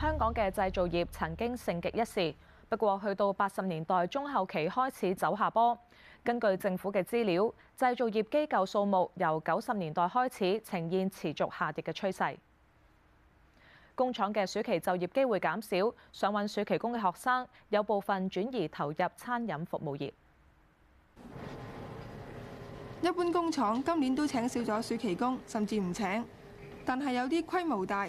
香港嘅製造業曾經盛極一時，不過去到八十年代中後期開始走下坡。根據政府嘅資料，製造業機構數目由九十年代開始呈現持續下跌嘅趨勢。工廠嘅暑期就業機會減少，想搵暑期工嘅學生有部分轉而投入餐飲服務業。一般工廠今年都請少咗暑期工，甚至唔請，但係有啲規模大。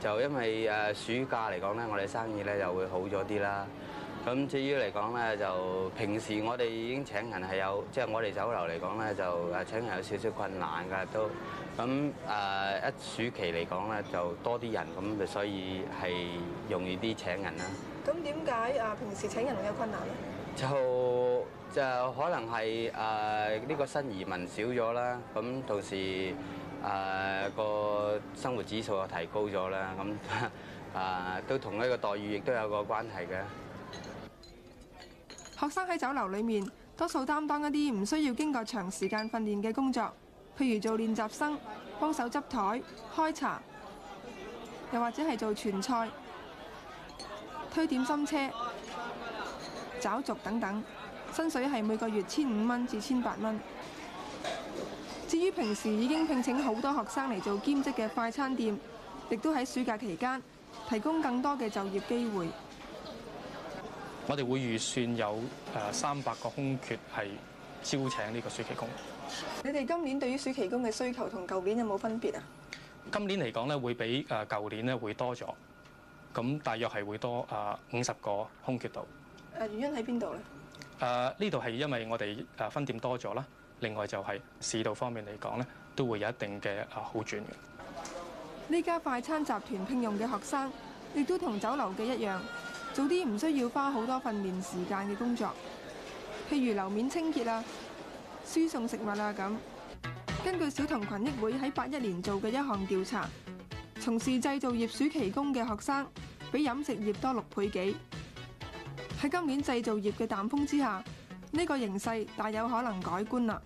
就因為誒暑假嚟講咧，我哋生意咧就會好咗啲啦。咁至於嚟講咧，就平時我哋已經請人係有，即係我哋酒樓嚟講咧，就誒請人有少少困難㗎都。咁誒一暑期嚟講咧，就多啲人，咁所以係容易啲請人啦。咁點解誒平時請人有困難咧？就就可能係誒呢個新移民少咗啦。咁到時。誒個、啊、生活指數又提高咗啦，咁誒、啊、都同呢個待遇亦都有個關係嘅。學生喺酒樓裏面，多數擔當一啲唔需要經過長時間訓練嘅工作，譬如做練習生，幫手執枱、開茶，又或者係做傳菜、推點心車、找續等等，薪水係每個月千五蚊至千八蚊。至於平時已經聘請好多學生嚟做兼職嘅快餐店，亦都喺暑假期間提供更多嘅就業機會。我哋會預算有誒三百個空缺係招請呢個暑期工。你哋今年對於暑期工嘅需求同舊年有冇分別啊？今年嚟講咧，會比誒舊年咧會多咗，咁大約係會多啊五十個空缺度。誒，原因喺邊度咧？誒呢度係因為我哋誒分店多咗啦，另外就係市道方面嚟講呢都會有一定嘅好轉嘅。呢家快餐集團聘用嘅學生，亦都同酒樓嘅一樣，做啲唔需要花好多訓練時間嘅工作，譬如樓面清潔啊、輸送食物啊咁。根據小童群益會喺八一年做嘅一項調查，從事製造業暑期工嘅學生，比飲食業多六倍幾。喺今年製造業嘅淡風之下，呢個形勢大有可能改觀啦。